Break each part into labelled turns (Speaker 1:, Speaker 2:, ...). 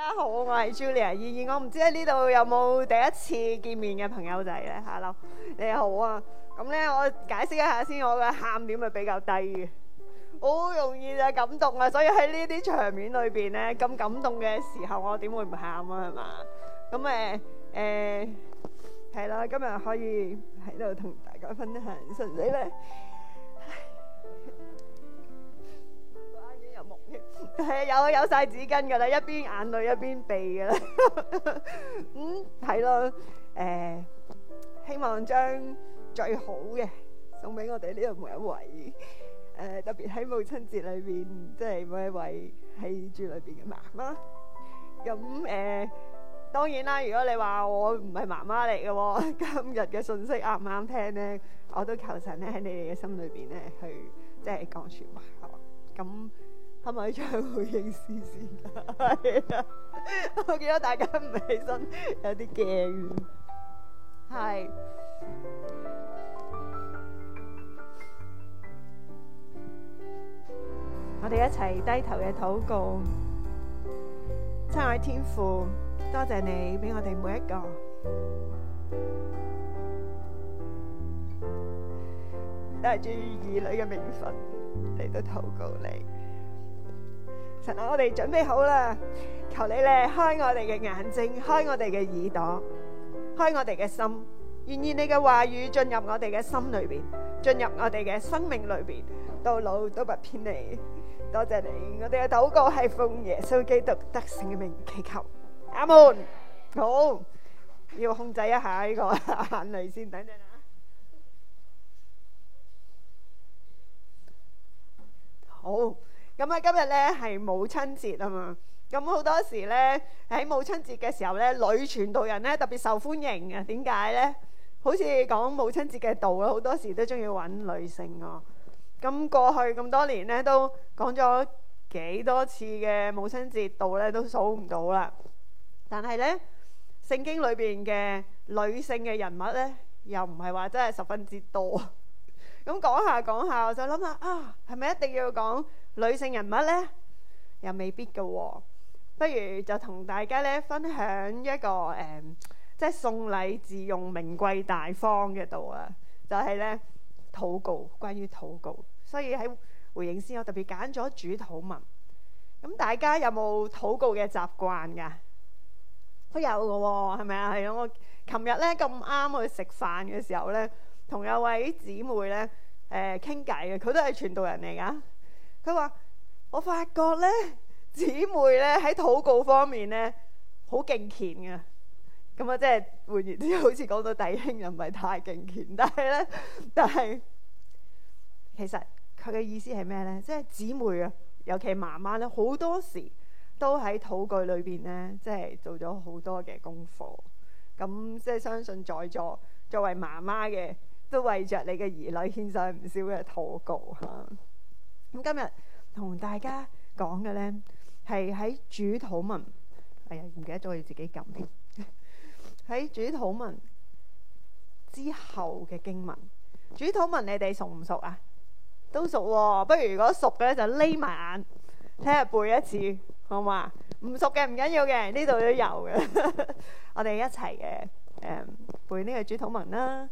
Speaker 1: 大家好，我係 Julia，然然我唔知喺呢度有冇第一次見面嘅朋友仔咧，哈嘍，你好啊。咁咧，我解釋一下先，我嘅喊點係比較低嘅，好容易就感動啊。所以喺呢啲場面裏邊咧，咁感動嘅時候，我點會唔喊啊？係嘛，咁誒誒係啦，今日可以喺度同大家分享，順利咧。係啊，有啊，有曬紙巾噶啦，一邊眼淚一邊鼻噶、 嗯、啦。嗯，係咯，誒，希望將最好嘅送俾我哋呢度每一位。誒、呃，特別喺母親節裏邊，即、就、係、是、每一位喺住裏邊嘅媽媽。咁誒、呃，當然啦，如果你話我唔係媽媽嚟嘅喎，今日嘅信息啱唔啱聽咧？我都求神咧喺你哋嘅心裏邊咧去，即係講說話。咁。係咪唱回應詩先？係啊！我見到大家唔起身，有啲驚。係，我哋一齊低頭嘅禱告。親愛的天父，多謝你俾我哋每一個帶住兒女嘅名分嚟到禱告你。神啊，我哋準備好啦！求你咧，開我哋嘅眼睛，開我哋嘅耳朵，開我哋嘅心，願意你嘅話語進入我哋嘅心裏邊，進入我哋嘅生命裏邊，到老都不偏離。多謝你，我哋嘅禱告係奉耶穌基督得勝嘅名祈求。阿門。好，要控制一下呢個眼淚先，等陣啊。好。咁啊，今日咧係母親節啊嘛，咁好多時咧喺母親節嘅時候咧，女傳道人咧特別受歡迎嘅。點解咧？好似講母親節嘅道啊，好多時都鍾意揾女性喎。咁過去咁多年咧，都講咗幾多次嘅母親節道咧，都數唔到啦。但係咧，聖經裏邊嘅女性嘅人物咧，又唔係話真係十分之多。咁講下講下，我就諗下啊，係咪一定要講？女性人物呢，又未必嘅、哦，不如就同大家咧分享一個誒、呃，即係送禮自用名貴大方嘅度啊。就係、是、呢：「禱告關於禱告，所以喺回應先，我特別揀咗主禱文。咁、嗯、大家有冇禱告嘅習慣噶？都有嘅喎、哦，係咪啊？係啊！我琴日呢咁啱去食飯嘅時候呢，同有位姊妹呢誒傾偈嘅，佢、呃、都係傳道人嚟噶。佢話：我發覺咧，姊妹咧喺禱告方面咧、嗯，好敬虔嘅。咁啊，即係換言之好似講到弟兄又唔係太敬虔，但係咧，但係其實佢嘅意思係咩咧？即係姊妹啊，尤其媽媽咧，好多時都喺禱告裏邊咧，即係做咗好多嘅功課。咁、嗯、即係相信在座作為媽媽嘅，都為着你嘅兒女獻上唔少嘅禱告嚇。咁今日同大家講嘅呢，係喺主禱文，哎呀，唔記得咗要自己撳添。喺 主禱文之後嘅經文，主禱文你哋熟唔熟啊？都熟，哦，不如如果熟嘅就匿埋眼，睇下背一次。好唔好嘛？唔熟嘅唔緊要嘅，呢度都有嘅， 我哋一齊嘅，誒、嗯，背呢個主禱文啦。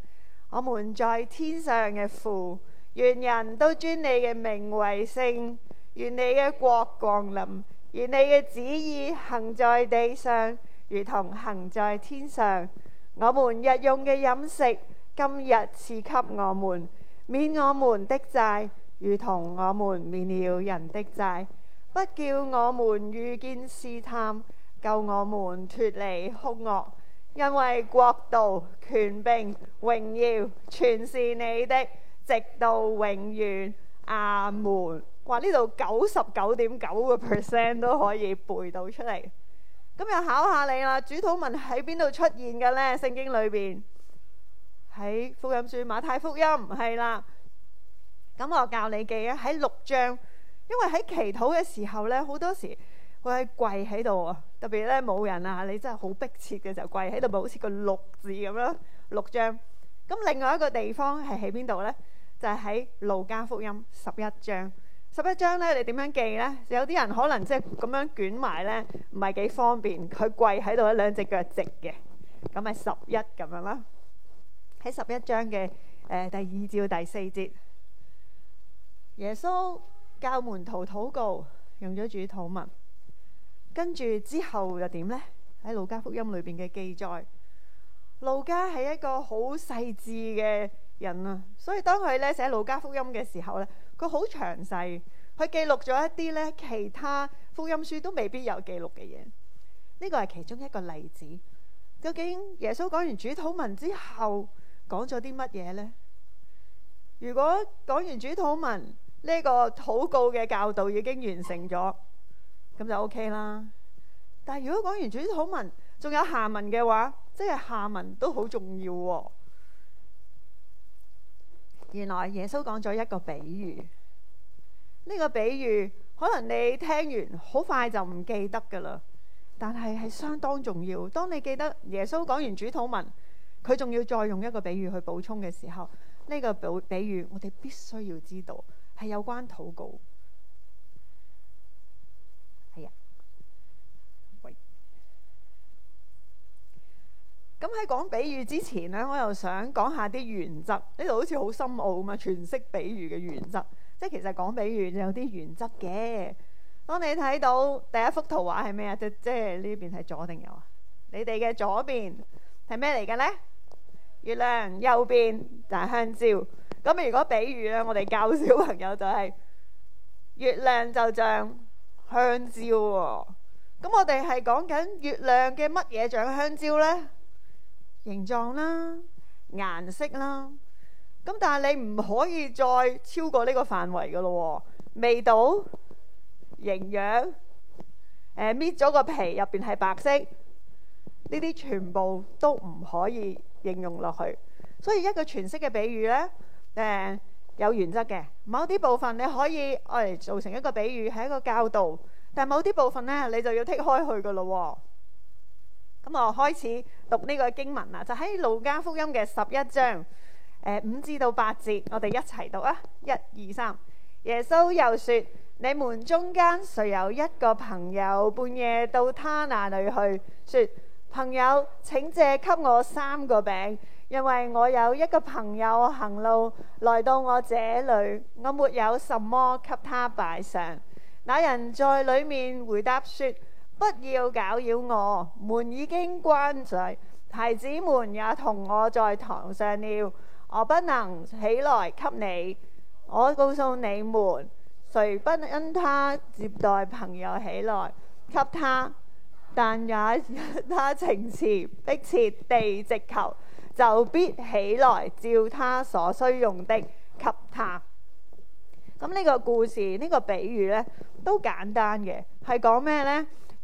Speaker 1: 我們在天上嘅父。願人都尊你嘅名為聖，願你嘅國降臨，願你嘅旨意行在地上，如同行在天上。我們日用嘅飲食，今日賜給我們，免我們的債，如同我們免了人的債，不叫我們遇見試探，救我們脫離凶惡，因為國度、權柄、榮耀，全是你的。直到永遠，阿、啊、門！話呢度九十九點九個 percent 都可以背到出嚟。咁又考下你啦，主禱文喺邊度出現嘅呢？聖經裏邊喺福音書馬太福音唔係啦。咁我教你記啊，喺六章，因為喺祈禱嘅時候呢，好多時會係跪喺度，啊，特別呢冇人啊，你真係好迫切嘅時候跪喺度，咪好似個六字咁樣，六章。咁另外一個地方係喺邊度呢？就喺路加福音十一章，十一章呢，你點樣記呢？有啲人可能即係咁樣捲埋呢，唔係幾方便。佢跪喺度，一兩隻腳直嘅，咁咪十一咁樣啦。喺十一章嘅、呃、第二至第四節，耶穌教門徒禱告，用咗主禱文。跟住之後又點呢？喺路加福音裏邊嘅記載，路加係一個好細緻嘅。人啊，所以當佢咧寫《路加福音》嘅時候咧，佢好詳細，佢記錄咗一啲咧其他福音書都未必有記錄嘅嘢。呢個係其中一個例子。究竟耶穌講完主禱文之後講咗啲乜嘢呢？如果講完主禱文呢個禱告嘅教導已經完成咗，咁就 OK 啦。但係如果講完主禱文仲有下文嘅話，即係下文都好重要喎、啊。原來耶穌講咗一個比喻，呢個比喻可能你聽完好快就唔記得㗎喇，但係係相當重要。當你記得耶穌講完主禱文，佢仲要再用一個比喻去補充嘅時候，呢個比比喻我哋必須要知道係有關禱告。咁喺講比喻之前呢，我又想講下啲原則。呢度好似好深奧啊嘛，詮釋比喻嘅原則。即係其實講比喻有啲原則嘅。當你睇到第一幅圖畫係咩啊？即即係呢邊係左定右啊？你哋嘅左邊係咩嚟嘅呢？月亮，右邊就係香蕉。咁如果比喻咧，我哋教小朋友就係月亮就像香蕉喎。咁我哋係講緊月亮嘅乜嘢像香蕉呢？形狀啦、顏色啦，咁但係你唔可以再超過呢個範圍噶咯、哦。味道、營養，搣、呃、咗個皮入邊係白色，呢啲全部都唔可以應用落去。所以一個詮釋嘅比喻呢，誒、呃、有原則嘅。某啲部分你可以攞嚟做成一個比喻，係一個教導，但係某啲部分呢，你就要剔開去噶咯、哦。咁我開始讀呢個經文啦，就喺路加福音嘅十一章，誒五至到八節，我哋一齊讀啊！一二三，耶穌又說：你們中間誰有一個朋友，半夜到他那裏去，說：朋友，請借給我三個餅，因為我有一個朋友行路來到我這裏，我沒有什麼給他擺上。那人在裏面回答說：不要搞擾我，門已經關上，孩子們也同我在牀上了。我不能起來給你。我告訴你們，誰不因他接待朋友起來給他，但也因他情詞迫切地直求，就必起來照他所需用的給他。咁呢個故事，呢個比喻呢，都簡單嘅，係講咩呢？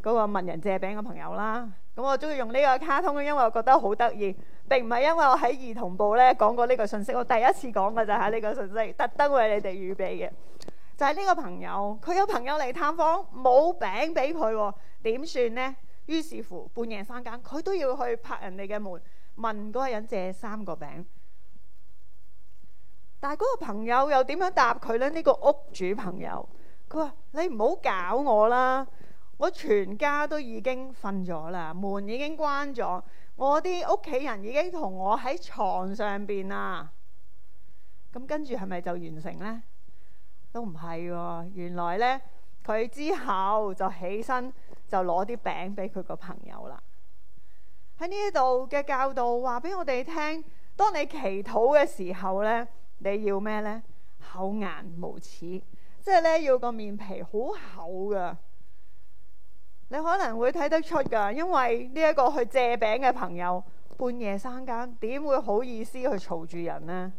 Speaker 1: 嗰個問人借餅嘅朋友啦，咁我中意用呢個卡通，因為我覺得好得意。並唔係因為我喺兒童部咧講過呢個信息，我第一次講嘅就係呢個信息，特登為你哋預備嘅。就係呢個朋友，佢有朋友嚟探訪，冇餅俾佢喎，點算呢？於是乎半夜三更，佢都要去拍人哋嘅門，問嗰個人借三個餅。但係嗰個朋友又點樣答佢呢？呢個屋主朋友，佢話：你唔好搞我啦！我全家都已經瞓咗啦，門已經關咗。我啲屋企人已經同我喺床上邊啦。咁跟住係咪就完成呢？都唔係，原來呢，佢之後就起身就攞啲餅俾佢個朋友啦。喺呢度嘅教導話俾我哋聽：當你祈禱嘅時候呢，你要咩呢？厚顏無恥，即係呢，要個面皮好厚噶。你可能會睇得出㗎，因為呢一個去借餅嘅朋友半夜三更，點會好意思去嘈住人呢？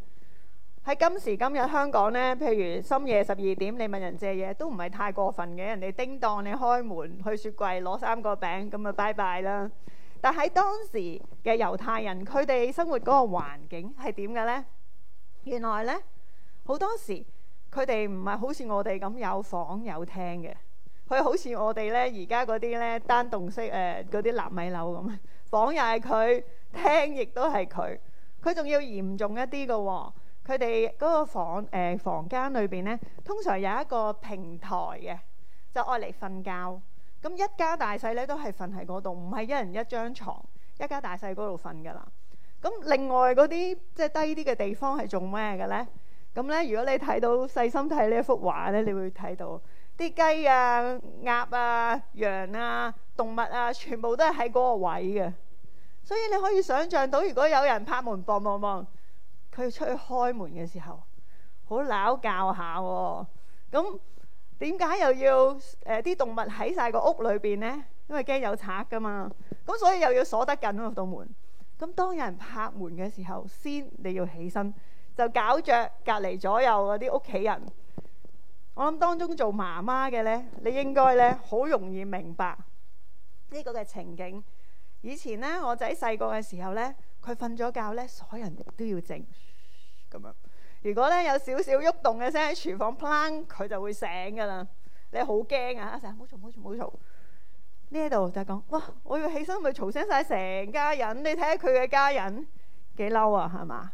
Speaker 1: 喺今時今日香港呢，譬如深夜十二點，你問人借嘢都唔係太過分嘅，人哋叮當你開門去雪櫃攞三個餅咁啊，拜拜啦！但喺當時嘅猶太人，佢哋生活嗰個環境係點嘅呢？原來呢，好多時佢哋唔係好似我哋咁有房有廳嘅。佢好似我哋咧，而家嗰啲咧單棟式誒嗰啲納米樓咁，房又係佢，廳亦都係佢。佢仲要嚴重一啲噶喎，佢哋嗰個房誒、呃、房間裏邊咧，通常有一個平台嘅，就愛嚟瞓覺。咁一家大細咧都係瞓喺嗰度，唔係一人一張床。一家大細嗰度瞓噶啦。咁另外嗰啲即係低啲嘅地方係做咩嘅咧？咁咧，如果你睇到細心睇呢一幅畫咧，你會睇到。啲雞啊、鴨啊、羊啊、動物啊，全部都係喺嗰個位嘅。所以你可以想像到，如果有人拍門棒棒棒，梆望望，佢出去開門嘅時候，好鬧教下喎、啊。咁點解又要誒啲、呃、動物喺晒個屋裏邊呢？因為驚有賊噶嘛。咁所以又要鎖得緊啊，度門。咁當有人拍門嘅時候，先你要起身，就搞着隔離左右嗰啲屋企人。我諗當中做媽媽嘅呢，你應該呢好容易明白呢個嘅情景。以前呢，我仔細個嘅時候呢，佢瞓咗覺呢，所有人都要靜咁樣。如果呢有少少喐動嘅聲喺廚房，plan 佢就會醒㗎喇。你好驚啊！啊成日冇嘈冇嘈冇嘈！呢度就係講哇，我要起身咪嘈醒晒成家人。你睇下佢嘅家人幾嬲啊？係嘛？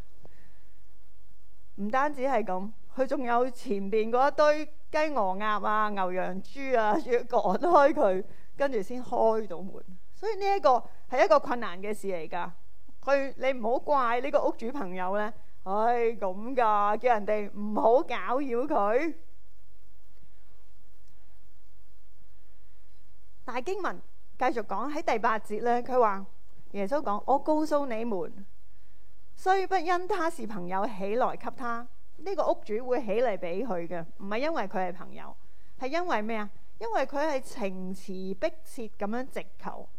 Speaker 1: 唔單止係咁。佢仲有前邊嗰一堆雞鵝鴨啊、牛羊豬啊，要趕開佢，跟住先開到門。所以呢一個係一個困難嘅事嚟㗎。佢你唔好怪呢個屋主朋友呢，唉咁㗎，叫人哋唔好搞擾佢。大經文繼續講喺第八節呢，佢話：耶穌講，我告訴你們，雖不因他是朋友起來給他。呢個屋主會起嚟俾佢嘅，唔係因為佢係朋友，係因為咩啊？因為佢係情詞迫切咁樣直求，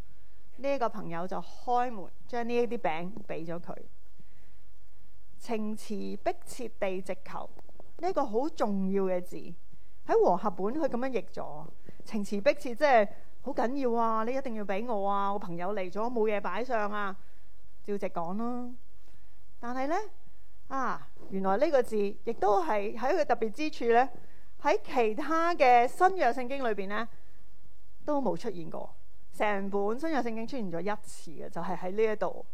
Speaker 1: 呢個朋友就開門將呢一啲餅俾咗佢。情詞迫切地直求，呢個好重要嘅字喺和合本佢咁樣譯咗。情詞迫切即係好緊要啊！你一定要俾我啊！我朋友嚟咗冇嘢擺上啊，照直講囉。但係呢。啊！原來呢個字亦都係喺佢特別之處呢。喺其他嘅新約聖經裏邊呢，都冇出現過，成本新約聖經出現咗一次嘅，就係喺呢一度。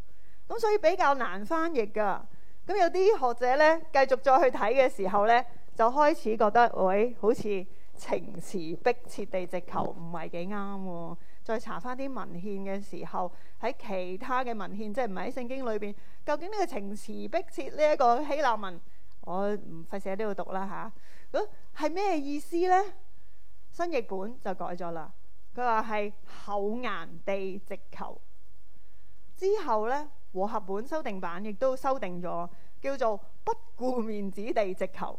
Speaker 1: 咁所以比較難翻譯噶。咁有啲學者呢，繼續再去睇嘅時候呢，就開始覺得，喂、哎，好似～情詞逼切地直求唔係幾啱喎。再查翻啲文獻嘅時候，喺其他嘅文獻，即係唔係喺聖經裏邊，究竟呢個情詞逼切呢一個希臘文，我唔費事喺呢度讀啦吓，咁係咩意思呢？新譯本就改咗啦，佢話係厚顏地直求。之後呢，和合本修訂版亦都修訂咗，叫做不顧面子地直求。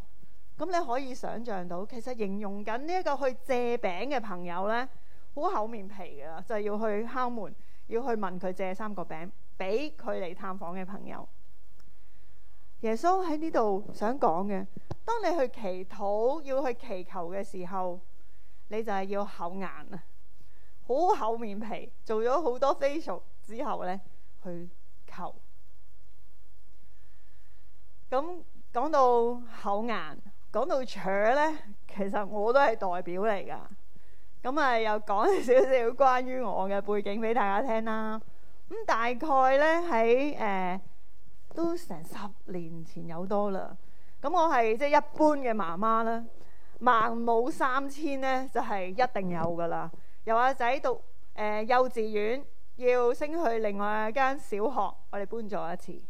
Speaker 1: 咁你可以想象到，其實形容緊呢一個去借餅嘅朋友呢，好厚面皮嘅，就係要去敲門，要去問佢借三個餅俾佢嚟探訪嘅朋友。耶穌喺呢度想講嘅，當你去祈禱要去祈求嘅時候，你就係要厚顏啊，好厚面皮，做咗好多 facial 之後呢，去求。咁講到厚顏。講到 c 呢，其實我都係代表嚟噶。咁、嗯、啊，又講少少關於我嘅背景俾大家聽啦。咁、嗯、大概呢，喺誒、呃、都成十年前有多啦。咁、嗯、我係即係一般嘅媽媽啦。孟母三遷呢就係、是、一定有噶啦。由阿仔讀、呃、幼稚園，要升去另外一間小學，我哋搬咗一次。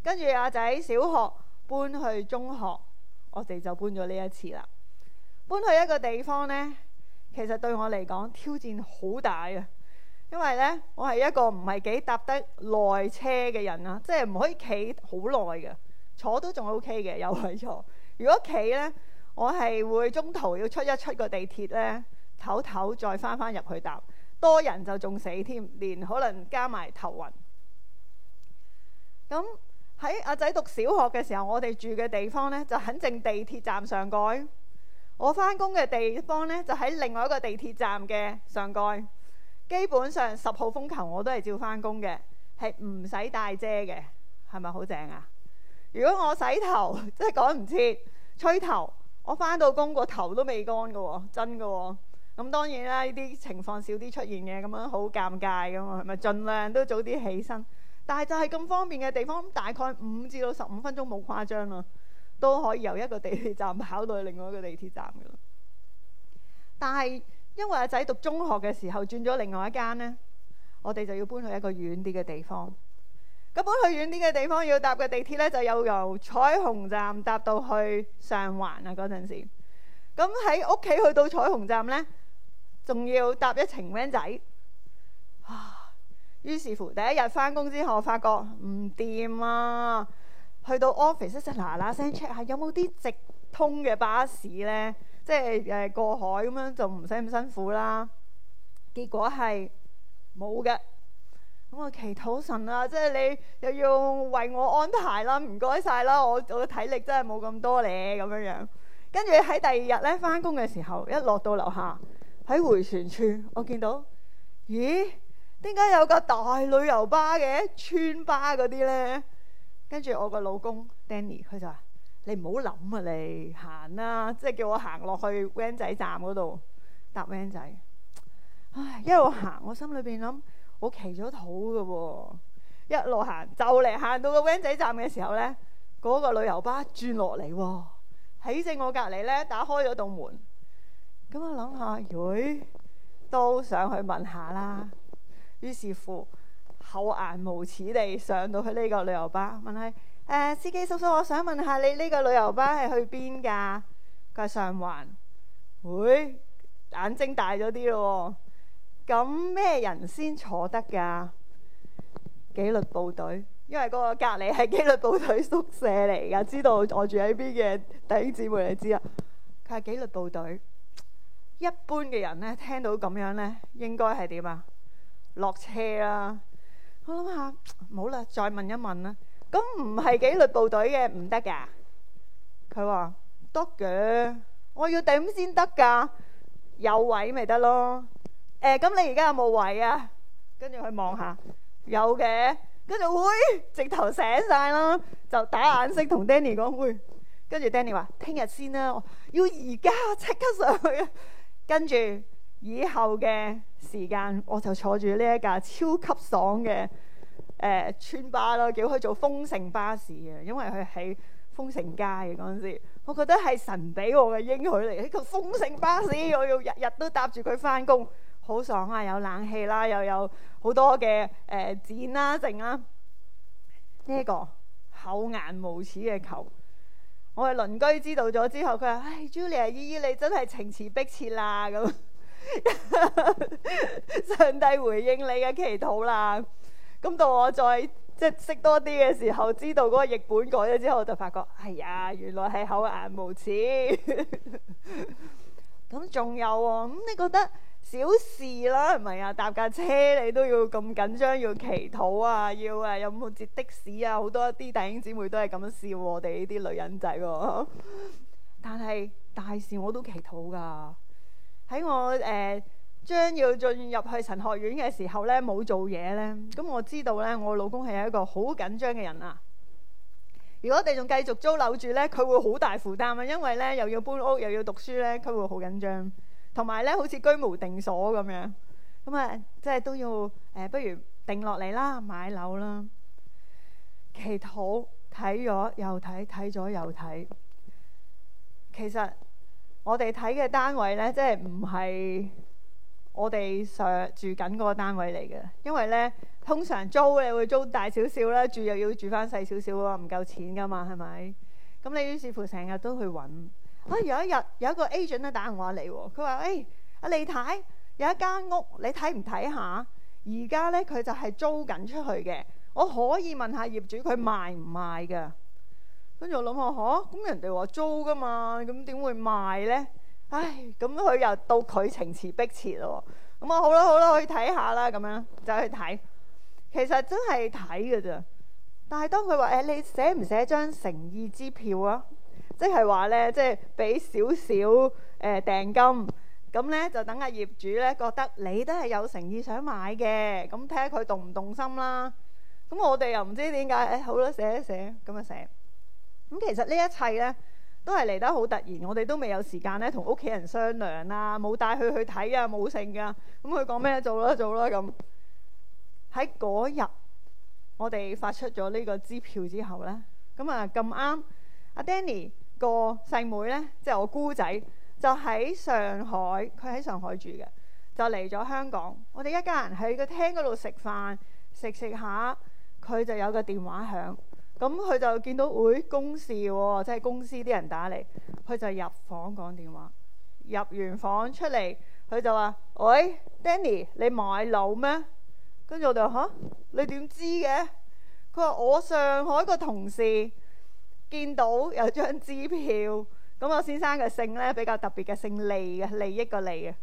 Speaker 1: 跟住阿仔小學搬去中學，我哋就搬咗呢一次啦，搬去一個地方呢，其實對我嚟講挑戰好大啊，因為呢，我係一個唔係幾搭得耐車嘅人啊，即係唔可以企好耐嘅，坐都仲 OK 嘅，有位坐。如果企呢，我係會中途要出一出個地鐵呢，唞唞再翻返入去搭，多人就仲死添，連可能加埋頭暈。咁。喺阿仔讀小學嘅時候，我哋住嘅地方呢，就喺正地鐵站上蓋。我返工嘅地方呢，就喺另外一個地鐵站嘅上蓋。基本上十號風球我都係照返工嘅，係唔使帶遮嘅，係咪好正啊？如果我洗頭，真係趕唔切，吹頭，我返到工個頭都未乾噶喎、哦，真噶喎、哦。咁當然啦，呢啲情況少啲出現嘅，咁樣好尷尬噶嘛，咪盡量都早啲起身。但係就係咁方便嘅地方，大概五至到十五分鐘冇誇張啦，都可以由一個地鐵站跑到去另外一個地鐵站嘅啦。但係因為阿仔讀中學嘅時候轉咗另外一間呢，我哋就要搬去一個遠啲嘅地方。咁搬去遠啲嘅地方要搭嘅地鐵呢，就有由彩虹站搭到去上環啊，嗰陣時。咁喺屋企去到彩虹站呢，仲要搭一程 van 仔。於是乎，第一日翻工之後，我發覺唔掂啊！去到 office 就嗱嗱聲 check 下有冇啲直通嘅巴士呢，即係誒過海咁樣就唔使咁辛苦啦。結果係冇嘅。咁我祈禱神啊，即係你又要為我安排啦，唔該晒啦，我我嘅體力真係冇咁多咧，咁樣樣。跟住喺第二日咧翻工嘅時候，一落到樓下喺回旋處，我見到咦～點解有個大旅遊巴嘅村巴嗰啲呢？跟住我個老公 Danny，佢就話：你唔好諗啊，你行啦，啊，即係叫我行落去 van 仔站嗰度搭 van 仔。唉，一路行，我心裏邊諗，我騎咗肚嘅喎。一路行就嚟行到個 van 仔站嘅時候呢，嗰、那個旅遊巴轉落嚟喎，喺正我隔離呢，打開咗道門。咁我諗下，誒、哎、都想去問下啦。於是乎，厚顏無恥地上到去呢個旅遊巴，問佢：誒、呃，司機叔叔，我想問下你呢、這個旅遊巴係去邊㗎？佢係上環。誒、哎，眼睛大咗啲咯。咁咩人先坐得㗎？紀律部隊，因為嗰個隔離係紀律部隊宿舍嚟㗎，知道我住喺邊嘅弟兄姊妹你知啦。佢係紀律部隊。一般嘅人咧，聽到咁樣咧，應該係點啊？落車啦、啊！我諗下，好啦，再問一問啦。咁唔係紀律部隊嘅唔得㗎。佢話：得嘅，我要點先得㗎？有位咪得咯。誒、欸，咁你而家有冇位啊？跟住去望下，有嘅。跟住，喂直頭醒晒啦，就打眼色同 Danny 講喂。跟住 Danny 話：聽日先啦，我要而家即刻上去。跟住。以後嘅時間，我就坐住呢一架超級爽嘅誒、呃、村巴咯，叫佢做豐盛巴士嘅，因為佢喺豐盛街嘅嗰陣時，我覺得係神俾我嘅應許嚟。呢、這個豐盛巴士，我要日日都搭住佢返工，好爽啊！有冷氣啦、啊，又有好多嘅誒、呃、剪啦剩啦。呢一、啊這個厚顏無恥嘅球，我嘅鄰居知道咗之後，佢話：唉、哎、Julia，姨姨，你真係情辭迫切啦咁。 上帝回應你嘅祈禱啦，咁到我再即係識多啲嘅時候，知道嗰個譯本改咗之後，我就發覺哎呀，原來係厚顏無恥。咁 仲有喎，咁、嗯、你覺得小事啦，係咪呀？搭架車你都要咁緊張要祈禱啊，要誒，有冇接的士啊？好多一啲弟兄姊妹都係咁樣笑我哋呢啲女人仔、啊。但係大事我都祈禱噶。喺我誒、呃、將要進入去神學院嘅時候呢，冇做嘢呢。咁我知道呢，我老公係一個好緊張嘅人啊！如果我哋仲繼續租樓住呢，佢會好大負擔啊，因為呢又要搬屋，又要讀書呢，佢會好緊張。同埋呢，好似居無定所咁樣，咁啊，即係都要誒、呃，不如定落嚟啦，買樓啦。祈禱睇咗又睇，睇咗又睇，其實。我哋睇嘅單位呢，即係唔係我哋上住緊嗰個單位嚟嘅，因為呢，通常租你會租大少少啦，住又要住翻細少少，唔夠錢噶嘛，係咪？咁你於是乎成日都去揾啊！有一日有一個 agent 都打電話嚟，佢話：誒、哎，阿李太有一間屋，你睇唔睇下？而家呢，佢就係租緊出去嘅，我可以問下業主佢賣唔賣噶？跟住我諗下嚇，咁、啊、人哋話租噶嘛，咁點會賣呢？唉，咁佢又到佢情詞逼切咯。咁啊，好啦好啦，去睇下啦。咁樣就去睇，其實真係睇嘅咋。但係當佢話誒，你寫唔寫張誠意支票啊？即係話呢，即係俾少少誒訂金咁呢，就等阿業主呢覺得你都係有誠意想買嘅，咁睇下佢動唔動心啦。咁我哋又唔知點解、哎，好啦，寫一寫咁啊寫。咁其實呢一切呢，都係嚟得好突然，我哋都未有時間咧同屋企人商量啦，冇帶佢去睇啊，冇剩噶，咁佢講咩做啦，做啦咁。喺嗰日，我哋發出咗呢個支票之後呢，咁啊咁啱，阿 Danny 個細妹呢，即係我姑仔，就喺上海，佢喺上海住嘅，就嚟咗香港。我哋一家人喺個廳嗰度食飯，食食下，佢就有個電話響。咁佢、嗯、就見到，喂、哎，公事喎、哦，即係公司啲人打嚟，佢就入房講電話。入完房出嚟，佢就話：喂、哎、，Danny，你買樓咩？跟住我就吓、啊，你點知嘅？佢話我上海個同事見到有張支票，咁我先生嘅姓呢，比較特別嘅，姓利，嘅，利益個利啊。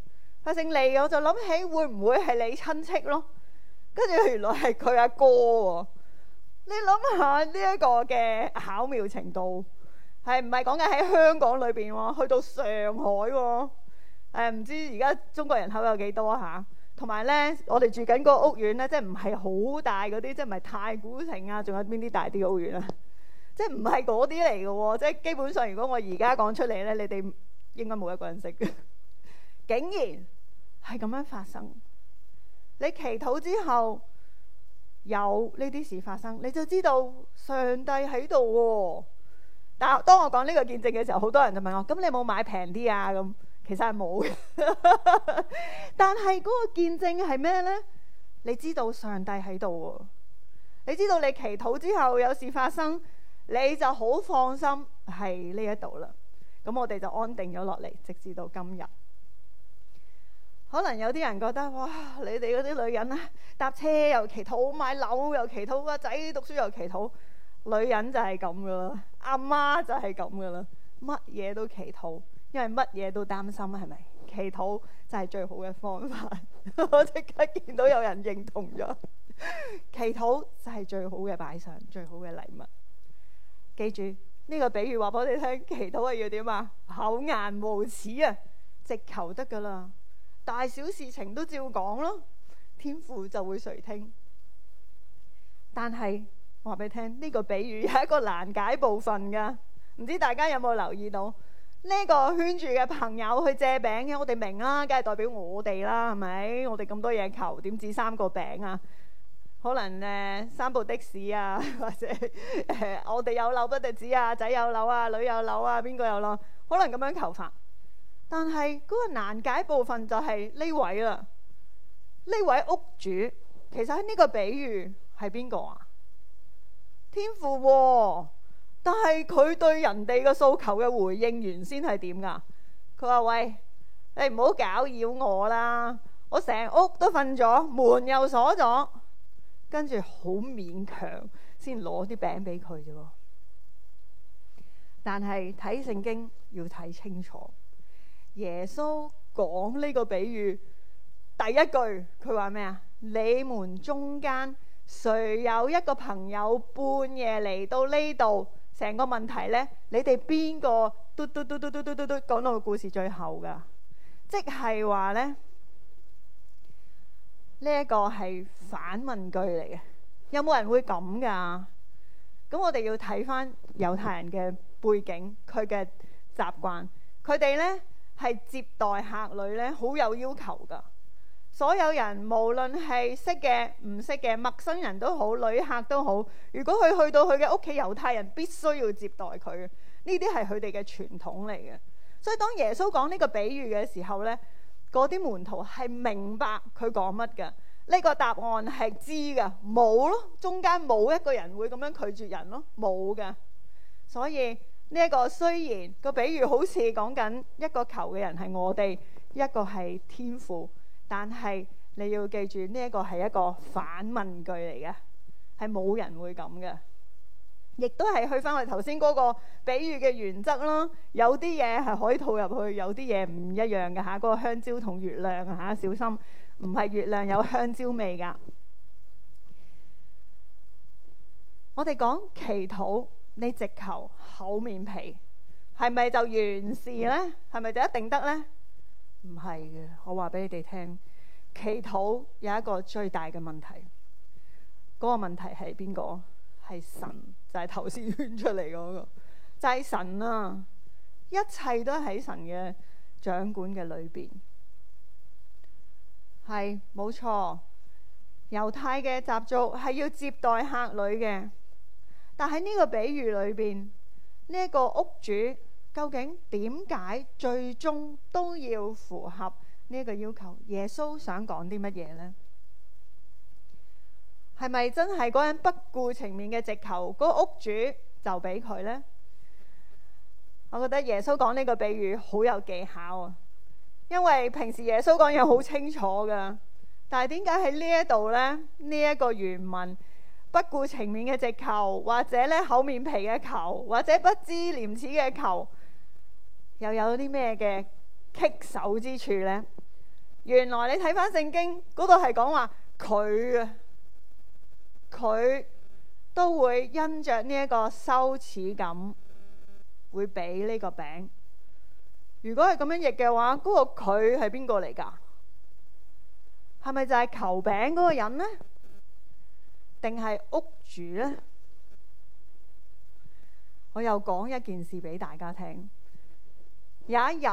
Speaker 1: 佢姓利，我就諗起會唔會係你親戚咯？跟住原來係佢阿哥喎、哦。你諗下呢一個嘅巧妙程度，係唔係講緊喺香港裏邊喎？去到上海喎？誒、呃，唔知而家中國人口有幾多吓？同、啊、埋呢，我哋住緊嗰個屋苑呢，即係唔係好大嗰啲，即係唔係太古城啊？仲有邊啲大啲嘅屋苑啊？即係唔係嗰啲嚟嘅？即係基本上，如果我而家講出嚟呢，你哋應該冇一個人識嘅。竟然係咁樣發生，你祈禱之後。有呢啲事發生，你就知道上帝喺度喎。但係當我講呢個見證嘅時候，好多人就問我：咁你有冇買平啲啊？咁其實係冇嘅。 但係嗰個見證係咩呢？你知道上帝喺度喎，你知道你祈禱之後有事發生，你就好放心係呢一度啦。咁我哋就安定咗落嚟，直至到今日。可能有啲人覺得哇，你哋嗰啲女人咧、啊、搭車又祈禱，買樓又祈禱，個仔讀書又祈禱。女人就係咁噶啦，阿媽就係咁噶啦，乜嘢都祈禱，因為乜嘢都擔心，係咪？祈禱就係最好嘅方法。 我即刻見到有人認同咗， 祈禱就係最好嘅擺上，最好嘅禮物。記住呢、呢個比喻話俾我哋聽，祈禱係要點啊？厚顏無恥啊，直求得噶啦。大小事情都照講咯，天父就會垂聽。但係話俾你聽，呢個比喻有一個難解部分㗎，唔知大家有冇留意到？呢個圈住嘅朋友去借餅嘅，我哋明啦，梗係代表我哋啦，係咪？我哋咁多嘢求，點止三個餅啊？可能誒、呃、三部的士啊，或者、呃、我哋有樓不得止啊，仔有樓啊，女有樓啊，邊個有咯？可能咁樣求法。但係嗰個難解部分就係呢位啦。呢位屋主其實喺呢個比喻係邊個啊？天父，哦，但係佢對人哋嘅訴求嘅回應原先係點噶？佢話：喂，你唔好搞擾我啦，我成屋都瞓咗，門又鎖咗，跟住好勉強先攞啲餅俾佢啫。但係睇聖經要睇清楚。耶穌講呢個比喻第一句，佢話咩啊？你們中間誰有一個朋友半夜嚟到呢度？成個問題呢？你哋邊個嘟嘟嘟嘟嘟嘟嘟嘟，講到個故事最後噶，即係話呢，呢一個係反問句嚟嘅。有冇人會咁噶？咁我哋要睇翻猶太人嘅背景，佢嘅習慣，佢哋呢。係接待客旅呢，好有要求㗎。所有人，無論係識嘅、唔識嘅、陌生人都好，旅客都好。如果佢去到佢嘅屋企，猶太人必須要接待佢。呢啲係佢哋嘅傳統嚟嘅。所以當耶穌講呢個比喻嘅時候，呢嗰啲門徒係明白佢講乜㗎。呢個答案係知㗎，冇咯。中間冇一個人會咁樣拒絕人咯，冇㗎。所以。呢一個雖然，這個比喻好似講緊一個求嘅人係我哋，一個係天父，但係你要記住呢一，這個係一個反問句嚟嘅，係冇人會咁嘅。亦都係去翻我哋頭先嗰個比喻嘅原則啦。有啲嘢係可以套入去，有啲嘢唔一樣嘅嚇。嗰，那個香蕉同月亮啊，小心唔係月亮有香蕉味㗎。我哋講祈禱。你直求厚面皮，係咪就完事呢？係咪就一定得呢？唔係嘅，我話俾你哋聽，祈禱有一個最大嘅問題，嗰個問題係邊個？係神，就係頭先圈出嚟嗰個，就係神啊！一切都喺神嘅掌管嘅裏邊，係冇錯。猶太嘅習俗係要接待客旅嘅。但喺呢個比喻裏邊，呢一個屋主究竟點解最終都要符合呢一個要求？耶穌想講啲乜嘢呢？係咪真係嗰人不顧情面嘅直求，嗰屋主就俾佢呢。我覺得耶穌講呢個比喻好有技巧啊！因為平時耶穌講嘢好清楚噶，但係點解喺呢一度呢？呢一個原文？不顧情面嘅直求，或者咧厚面皮嘅求，或者不知廉恥嘅求，又有啲咩嘅棘手之處呢？原來你睇返《聖經》嗰度係講話佢啊，佢、那個、都會因着呢一個羞恥感，會俾呢個餅。如果係咁樣譯嘅話，嗰、那個佢係邊個嚟㗎？係咪就係求餅嗰個人呢？定係屋住呢？我又講一件事俾大家聽。有一日，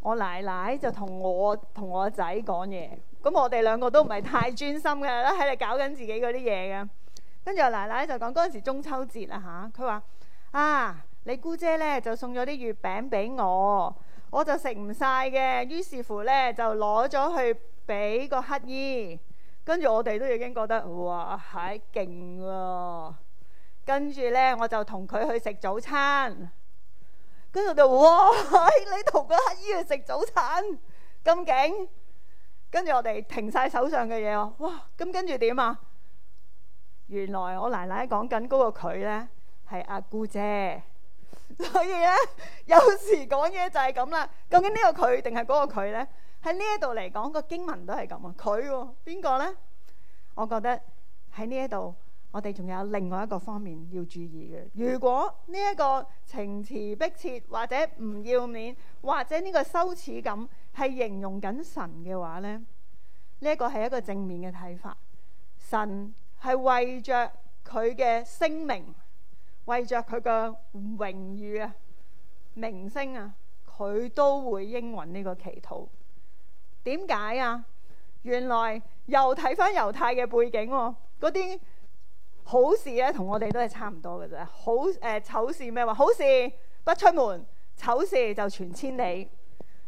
Speaker 1: 我奶奶就同我同我仔講嘢，咁我哋兩個都唔係太專心嘅，喺度搞緊自己嗰啲嘢嘅。跟住我奶奶就講嗰陣時中秋節啊，吓，佢話啊，你姑姐呢就送咗啲月餅俾我，我就食唔晒嘅，於是乎呢，就攞咗去俾個乞衣。跟住我哋都已經覺得哇，係勁咯！跟住咧，我就同佢去食早餐，跟住就哇，你同個乞兒去食早餐咁勁！跟住我哋停曬手上嘅嘢喎，哇！咁跟住點啊？原來我奶奶講緊嗰個佢咧，係阿姑姐，所以咧有時講嘢就係咁啦。究竟呢個佢定係嗰個佢咧？喺呢一度嚟講，個經文都係咁啊。佢、哦、邊個呢？我覺得喺呢一度，我哋仲有另外一個方面要注意嘅。如果呢一個情詞逼切，或者唔要面，或者呢個羞恥感係形容緊神嘅話呢，呢一個係一個正面嘅睇法。神係為着佢嘅聲名，為着佢嘅榮譽啊、名聲啊，佢都會應允呢個祈禱。點解啊？原來又睇返猶太嘅背景喎、哦，嗰啲好事咧同我哋都係差唔多嘅啫。好誒、呃，醜事咩話？好事不出門，醜事就傳千里。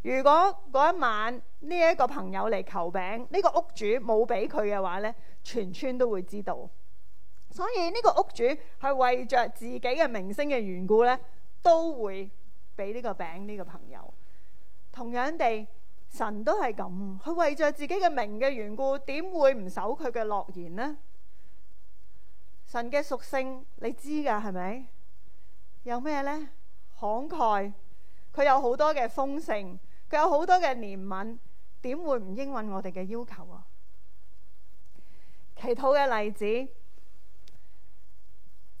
Speaker 1: 如果嗰一晚呢一、呢個朋友嚟求餅，呢、呢個屋主冇俾佢嘅話呢，全村都會知道。所以呢個屋主係為着自己嘅名聲嘅緣故呢，都會俾呢個餅呢、呢個朋友。同樣地。神都係咁，佢為著自己嘅名嘅緣故，點會唔守佢嘅諾言呢？神嘅屬性你知噶係咪？有咩呢？慷慨，佢有好多嘅豐盛，佢有好多嘅憐憫，點會唔應允我哋嘅要求啊？祈禱嘅例子，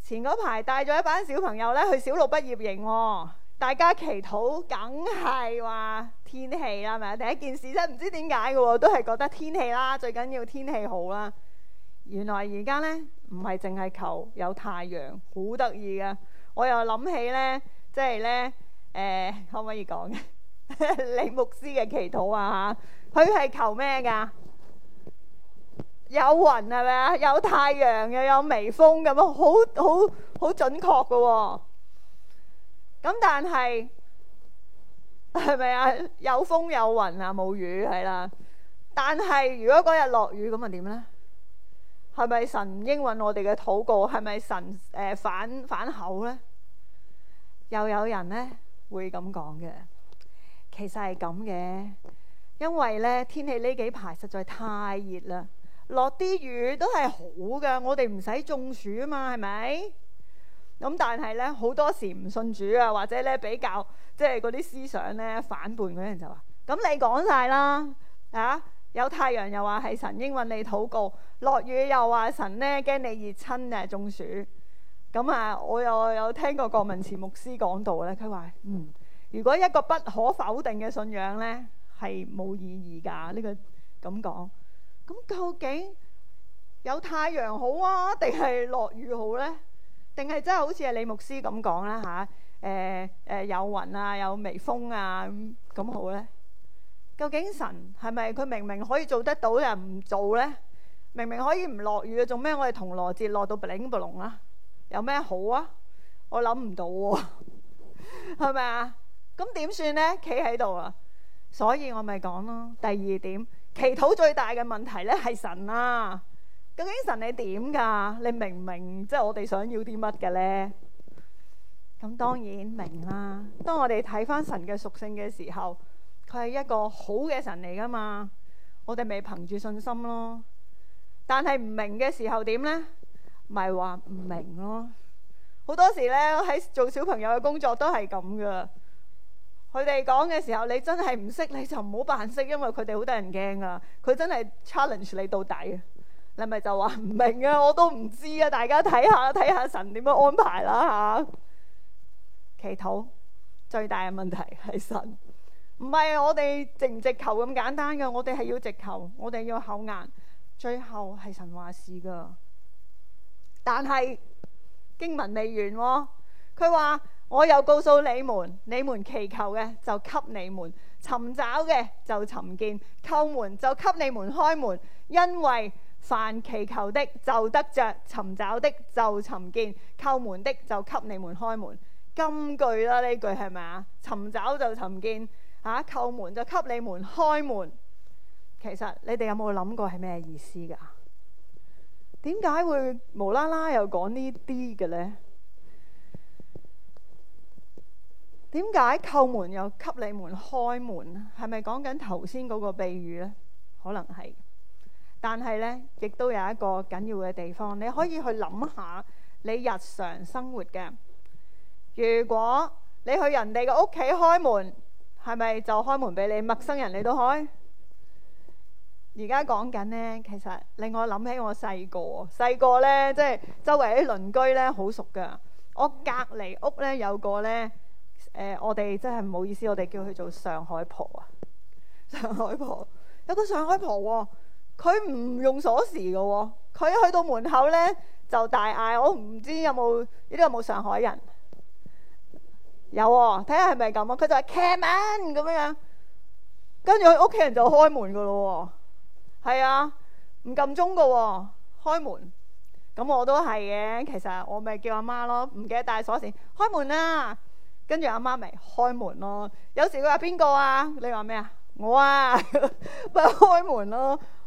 Speaker 1: 前嗰排帶咗一班小朋友呢去小六畢業營喎。大家祈禱，梗係話天氣啦，咪第一件事真係唔知點解嘅喎，都係覺得天氣啦，最緊要天氣好啦。原來而家呢，唔係淨係求有太陽，好得意嘅。我又諗起呢，即係呢，誒、呃、可唔可以講嘅 李牧師嘅祈禱啊？嚇，佢係求咩噶？有雲係咪啊？有太陽又有微風咁樣，好好好準確嘅喎。咁但係係咪啊？有風有雲啊，冇雨係啦。但係如果嗰日落雨咁啊，點呢？係咪神應允我哋嘅禱告？係咪神誒、呃、反反口呢？又有人呢會咁講嘅？其實係咁嘅，因為呢天氣呢幾排實在太熱啦，落啲雨都係好噶，我哋唔使中暑啊嘛，係咪？咁但係咧，好多時唔信主啊，或者咧比較即係嗰啲思想咧反叛嗰啲人就話：咁你講晒啦，啊有太陽又話係神應允你禱告，落雨又話神咧驚你熱親誒、啊、中暑，咁啊，我又我有聽過郭文慈牧師講道，咧，佢話：嗯，如果一個不可否定嘅信仰咧係冇意義㗎，呢、這個咁講。咁究竟有太陽好啊，定係落雨好咧？定係真係好似係李牧師咁講啦吓，誒、啊、誒、呃呃、有雲啊，有微風啊咁咁、嗯、好呢？究竟神係咪佢明明可以做得到又唔做呢？明明可以唔落雨啊，做咩我哋銅鑼節落到 bling blong 啊？有咩好啊？我諗唔到喎，係咪啊？咁 點、啊、算呢？企喺度啊，所以我咪講咯。第二點，祈禱最大嘅問題呢係神啊。究竟神你點噶？你明唔明？即係我哋想要啲乜嘅呢？咁當然明啦。當我哋睇翻神嘅屬性嘅時候，佢係一個好嘅神嚟噶嘛？我哋咪憑住信心咯。但係唔明嘅時候點呢？咪話唔明咯。好多時呢，喺做小朋友嘅工作都係咁噶。佢哋講嘅時候，你真係唔識，你就唔好扮識，因為佢哋好得人驚噶。佢真係 challenge 你到底。你咪就話唔明啊！我都唔知啊！大家睇下睇下神點樣安排啦、啊、吓、啊。祈禱最大嘅問題係神，唔係我哋直唔直求咁簡單嘅。我哋係要直求，我哋要口硬，最後係神話事噶。但係經文未完、哦，佢話我又告訴你們，你們祈求嘅就給你們，尋找嘅就尋見，叩門就給你們開門，因為。凡祈求的就得着，尋找的就尋見，叩門的就給你們開門。金句啦，呢句係咪啊？尋找就尋見，啊，叩門就給你們開門。其實你哋有冇諗過係咩意思噶？點解會無啦啦又講呢啲嘅呢？點解叩門又給你們開門？係咪講緊頭先嗰個比喻呢？可能係。但係呢，亦都有一個緊要嘅地方，你可以去諗下你日常生活嘅。如果你去人哋嘅屋企開門，係咪就開門俾你？陌生人你都開？而家講緊呢，其實令我諗起我細個細個呢，即係周圍啲鄰居呢，好熟噶。我隔離屋呢，有個呢，誒，我哋真係唔好意思，我哋叫佢做上海婆啊。上海婆，有個上海婆喎。佢唔用鎖匙嘅。哦，佢去到門口呢，就大嗌。我唔知有冇呢啲有冇上海人有啊、哦？睇下係咪咁啊？佢就係開門咁樣樣，跟住佢屋企人就開門噶咯。係啊，唔撳鐘噶，開門咁我都係嘅。其實我咪叫阿媽咯，唔記得帶鎖匙，開門啊，跟住阿媽咪開門咯。有時佢話邊個啊？你話咩啊？我啊，咪 開門咯。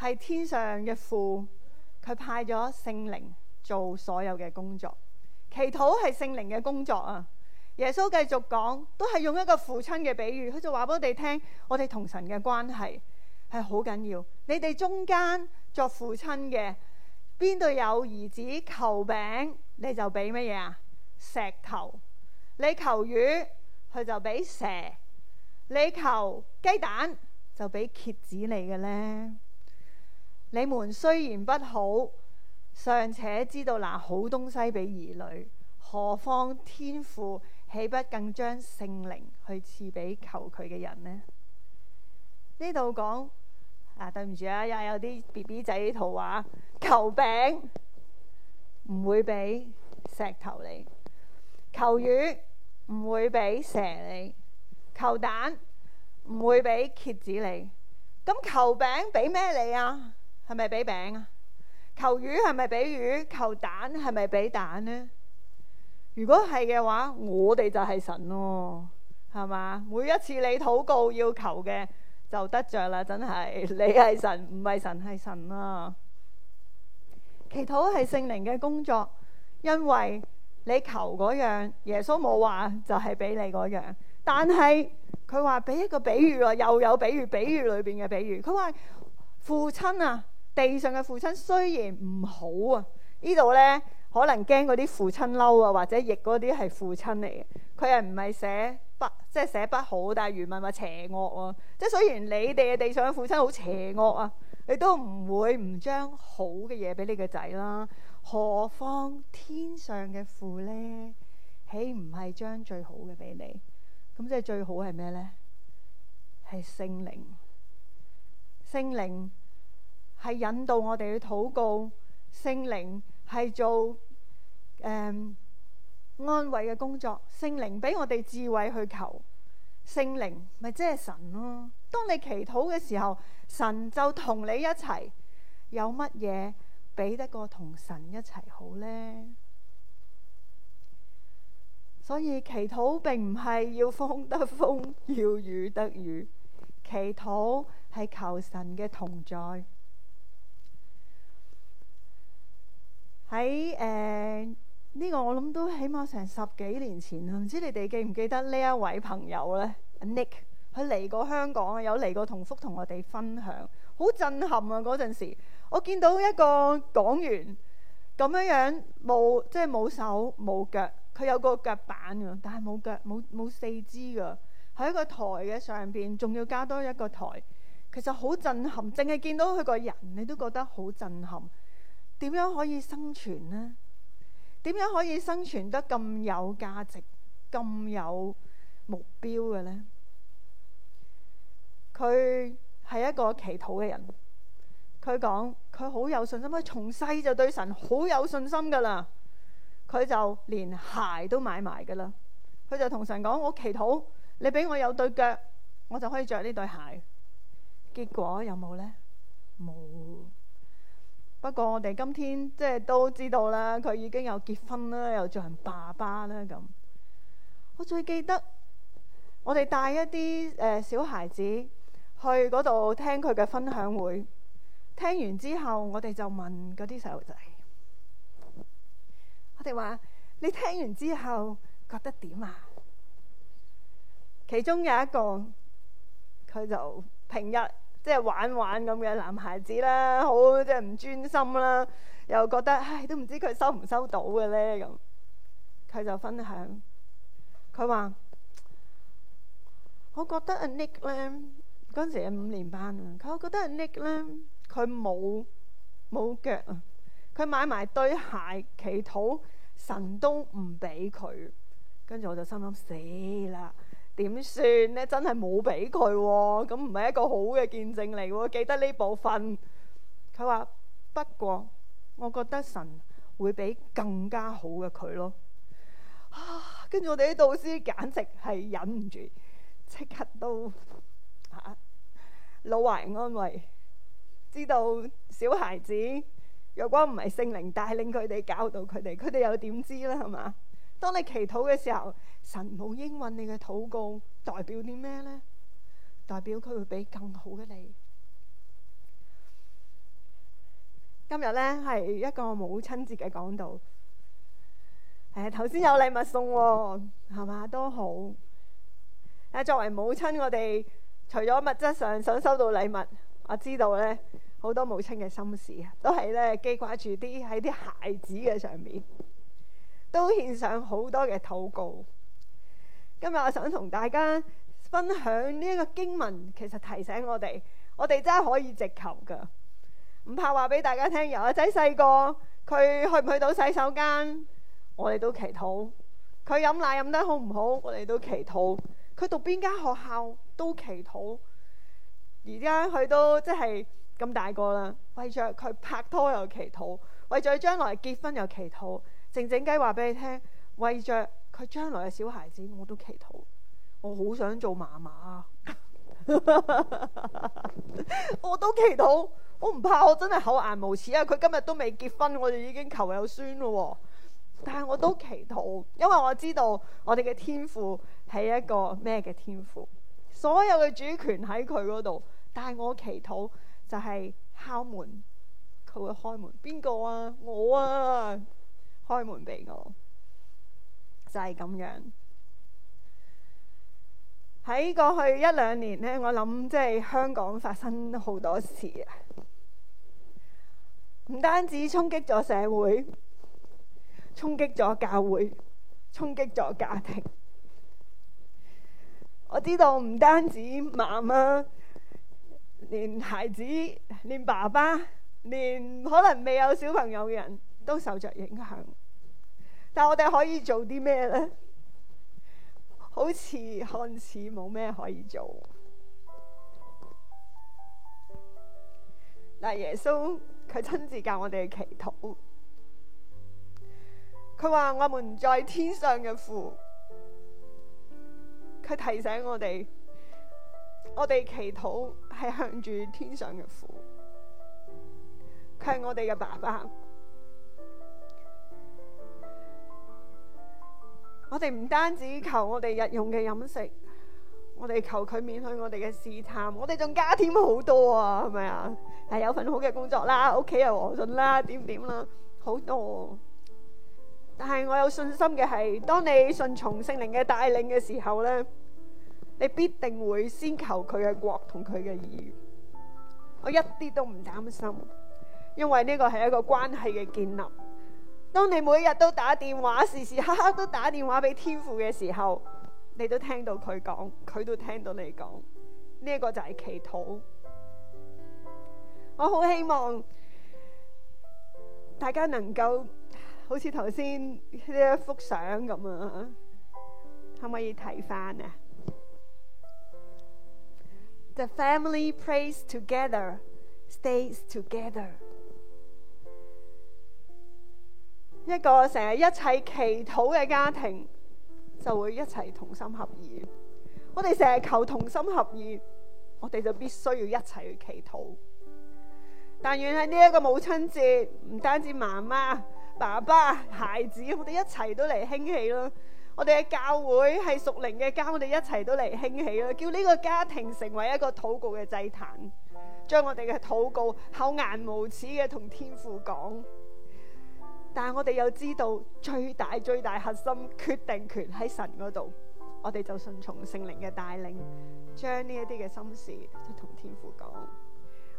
Speaker 1: 係天上嘅父，佢派咗聖靈做所有嘅工作。祈禱係聖靈嘅工作啊！耶穌繼續講，都係用一個父親嘅比喻，佢就話俾我哋聽，我哋同神嘅關係係好緊要。你哋中間作父親嘅，邊度有兒子求餅？餅，你就俾乜嘢啊？石頭，你求魚，佢就俾蛇；你求雞蛋，就俾蠍子嚟嘅呢。你們雖然不好，尚且知道拿好東西俾兒女，何況天父豈不更將聖靈去賜俾求佢嘅人呢？呢度講啊，對唔住啊，又有啲 B B 仔圖畫，求餅唔會俾石頭你，求魚唔會俾蛇你，求蛋唔會俾蠍子你。咁求餅俾咩你啊？係咪俾餅啊？求魚係咪俾魚？求蛋係咪俾蛋呢？如果係嘅話，我哋就係神咯。哦，係嘛？每一次你禱告要求嘅就得着啦，真係你係神唔係神係神啊！祈禱係聖靈嘅工作，因為你求嗰樣，耶穌冇話就係俾你嗰樣，但係佢話俾一個比喻又有比喻，比喻裏邊嘅比喻，佢話父親啊。地上嘅父親雖然唔好啊，呢度呢，可能驚嗰啲父親嬲啊，或者逆嗰啲係父親嚟嘅。佢又唔係寫不即係、就是、寫不好？但係原文話邪惡喎、啊，即係雖然你哋嘅地上嘅父親好邪惡啊，你都唔會唔將好嘅嘢俾你嘅仔啦。何況天上嘅父呢，豈唔係將最好嘅俾你？咁即係最好係咩呢？係聖靈，聖靈。係引導我哋去禱告，聖靈係做誒、嗯、安慰嘅工作。聖靈俾我哋智慧去求，聖靈咪即係神咯、啊。當你祈禱嘅時候，神就同你一齊。有乜嘢比得過同神一齊好呢？所以祈禱並唔係要風得風，要雨得雨。祈禱係求神嘅同在。喺誒呢個我諗都起碼成十幾年前，唔知你哋記唔記得呢一位朋友呢？Nick，佢嚟過香港，有嚟過同福同我哋分享，好震撼啊！嗰陣時我見到一個講員咁樣樣，冇，即係冇手冇腳，佢有個腳板啊，但係冇腳冇冇四肢噶，喺一個台嘅上邊，仲要加多一個台，其實好震撼，淨係見到佢個人，你都覺得好震撼。點樣可以生存呢？點樣可以生存得咁有價值、咁有目標嘅呢？佢係一個祈禱嘅人，佢講佢好有信心，佢從細就對神好有信心噶啦。佢就連鞋都買埋噶啦，佢就同神講：我祈禱，你俾我有對腳，我就可以着呢對鞋。結果有冇呢？冇。不過我哋今天即係都知道啦，佢已經有結婚啦，又做人爸爸啦咁。我最記得我哋帶一啲誒、呃、小孩子去嗰度聽佢嘅分享會，聽完之後我哋就問嗰啲細路仔，我哋話：你聽完之後覺得點啊？其中有一個佢就平日，即係玩玩咁嘅男孩子啦，好即係唔專心啦，又覺得唉，都唔知佢收唔收到嘅咧咁。佢就分享，佢話我覺得阿 Nick 咧，嗰陣時係五年班啊。佢我覺得阿 Nick 咧，佢冇冇腳啊，佢買埋對鞋祈禱神都唔俾佢，跟住我就心諗死啦。點算呢？真係冇俾佢咁，唔係一個好嘅見證嚟、哦。記得呢部分，佢話不過我覺得神會俾更加好嘅佢咯。跟住、啊、我哋啲導師簡直係忍唔住，即刻都吓、啊、老懷安慰，知道小孩子若果唔係聖靈帶領佢哋教導佢哋，佢哋又點知呢？係嘛？當你祈禱嘅時候，神冇應允你嘅禱告，代表啲咩呢？代表佢會俾更好嘅你。今日呢，係一個母親節嘅講道。誒頭先有禮物送喎、哦，係咪？都好。誒、啊、作為母親，我哋除咗物質上想收到禮物，我知道咧好多母親嘅心事啊，都係咧記掛住啲喺啲孩子嘅上面。都獻上好多嘅禱告。今日我想同大家分享呢一個經文，其實提醒我哋，我哋真係可以直求噶。唔怕話俾大家聽，由阿仔細個，佢去唔去到洗手間，我哋都祈禱；佢飲奶飲得好唔好，我哋都祈禱；佢讀邊間學校都祈禱。而家佢都即係咁大個啦，為咗佢拍拖又祈禱，為咗佢將來結婚又祈禱。靜靜雞話俾你聽，為着佢將來嘅小孩子，我都祈禱。我好想做媽媽啊， 我都祈禱。我唔怕，我真係厚顏無恥啊！佢今日都未結婚，我就已經求有孫咯。但係我都祈禱，因為我知道我哋嘅天父係一個咩嘅天父，所有嘅主權喺佢嗰度。但係我祈禱就係敲門，佢會開門。邊個啊？我啊？開門俾我，就係咁樣。喺過去一兩年呢，我諗即係香港發生好多事，唔單止衝擊咗社會，衝擊咗教會，衝擊咗家庭。我知道唔單止媽媽，連孩子、連爸爸、連可能未有小朋友嘅人，都受着影響，但我哋可以做啲咩咧？好似看似冇咩可以做。嗱，耶穌佢親自教我哋祈禱，佢話我們在天上嘅父，佢提醒我哋，我哋祈禱係向住天上嘅父，佢係我哋嘅爸爸。我哋唔單止求我哋日用嘅飲食，我哋求佢免去我哋嘅試探，我哋仲加添好多啊，係咪啊？係有份好嘅工作啦，屋企又和順啦，點點啦，好多。但係我有信心嘅係，當你順從聖靈嘅帶領嘅時候咧，你必定會先求佢嘅國同佢嘅意願。我一啲都唔擔心，因為呢個係一個關係嘅建立。當你每日都打電話，時時刻刻都打電話俾天父嘅時候，你都聽到佢講，佢都聽到你講，呢一個就係祈禱。我好希望大家能夠好似頭先呢一幅相咁啊，可唔可以睇翻啊？The family prays together, stays together. 一個成日一齊祈禱嘅家庭，就會一齊同心合意。我哋成日求同心合意，我哋就必須要一齊去祈禱。但願喺呢一個母親節，唔單止媽媽、爸爸、孩子，我哋一齊都嚟興起咯。我哋嘅教會係屬靈嘅家，我哋一齊都嚟興起咯，叫呢個家庭成為一個禱告嘅祭壇，將我哋嘅禱告厚顏無恥嘅同天父講。但係我哋又知道最大最大核心決定權喺神嗰度，我哋就順從聖靈嘅帶領，將呢一啲嘅心事都同天父講，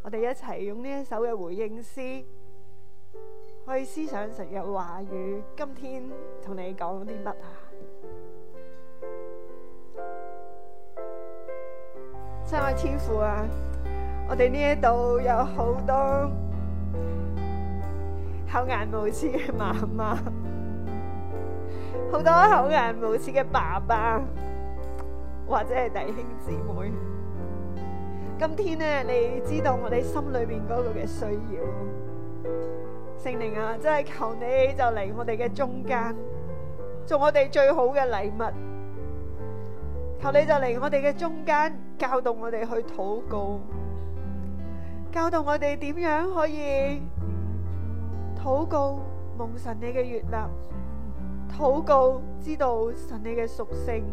Speaker 1: 我哋一齊用呢一首嘅回應詩去思想神嘅話語。今天同你講啲乜啊？親愛天父啊，我哋呢一度有好多。厚顏無恥嘅媽媽，好多厚顏無恥嘅爸爸，或者係弟兄姊妹。今天呢，你知道我哋心裏面嗰個嘅需要。聖靈啊，真係求你就嚟我哋嘅中間，做我哋最好嘅禮物。求你就嚟我哋嘅中間，教導我哋去禱告，教導我哋點樣可以。禱告蒙神你嘅悅納，禱告知道神你嘅屬性，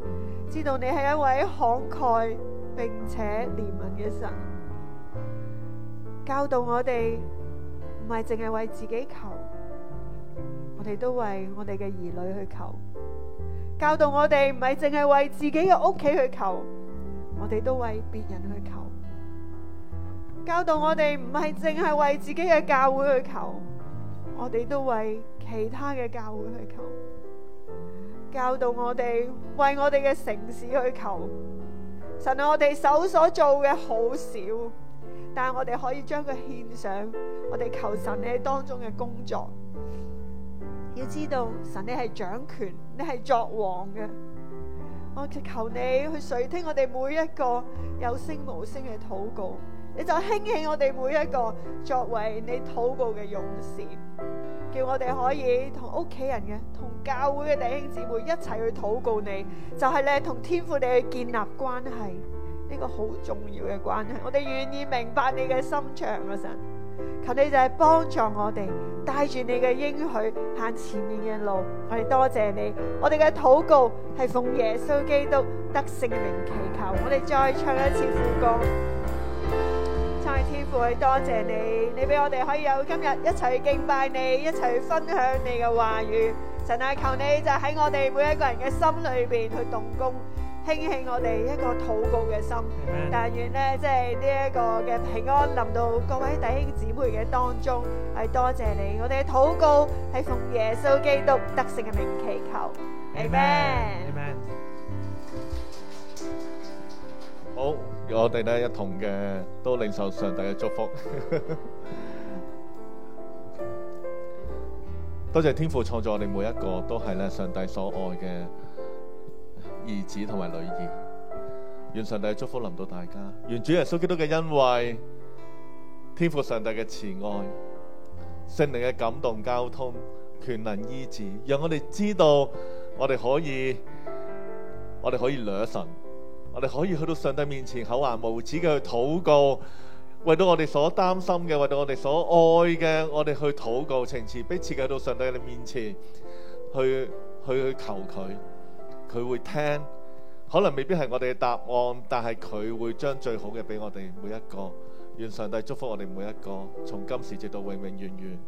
Speaker 1: 知道你係一位慷慨並且憐憫嘅神，教導我哋唔係淨係為自己求，我哋都為我哋嘅兒女去求；教導我哋唔係淨係為自己嘅屋企去求，我哋都為別人去求；教導我哋唔係淨係為自己嘅教會去求。我哋都為其他嘅教會去求，教導我哋為我哋嘅城市去求。神，我哋手所做嘅好少，但係我哋可以將佢獻上。我哋求神你當中嘅工作，要知道神你係掌權，你係作王嘅。我就求你去垂聽我哋每一個有聲無聲嘅禱告。你就興起我哋每一個作為你禱告嘅勇士，叫我哋可以同屋企人嘅、同教會嘅弟兄姊妹一齊去禱告你，就係咧同天父哋去建立關係，呢個好重要嘅關係。我哋願意明白你嘅心腸，阿神。求你就係幫助我哋帶住你嘅應許行前面嘅路。我哋多謝你，我哋嘅禱告係奉耶穌基督得勝嘅名祈求。我哋再唱一次副歌。天父係多謝你，你俾我哋可以有今日，一齊敬拜你，一齊分享你嘅話語。神啊，求你就喺我哋每一個人嘅心裏邊去動工，興起我哋一個禱告嘅心。但願咧，即係呢一個嘅平安臨到各位弟兄姊妹嘅當中。係多謝你，我哋嘅禱告係奉耶穌基督得勝嘅名祈求。Amen。好。我哋呢一同嘅都領受上帝嘅祝福， 多謝天父創造我哋每一個都係咧上帝所愛嘅兒子同埋女兒，願上帝嘅祝福臨到大家，願主耶穌基督嘅恩惠、天父上帝嘅慈愛、聖靈嘅感動交通、權能醫治，讓我哋知道我哋可以，我哋可以掠神。我哋可以去到上帝面前，厚顏無恥嘅去禱告，為到我哋所擔心嘅，為到我哋所愛嘅，我哋去禱告，情詞逼切，去到上帝嘅面前，去去去求佢，佢會聽，可能未必係我哋嘅答案，但係佢會將最好嘅俾我哋每一個，願上帝祝福我哋每一個，從今時直到永永遠遠。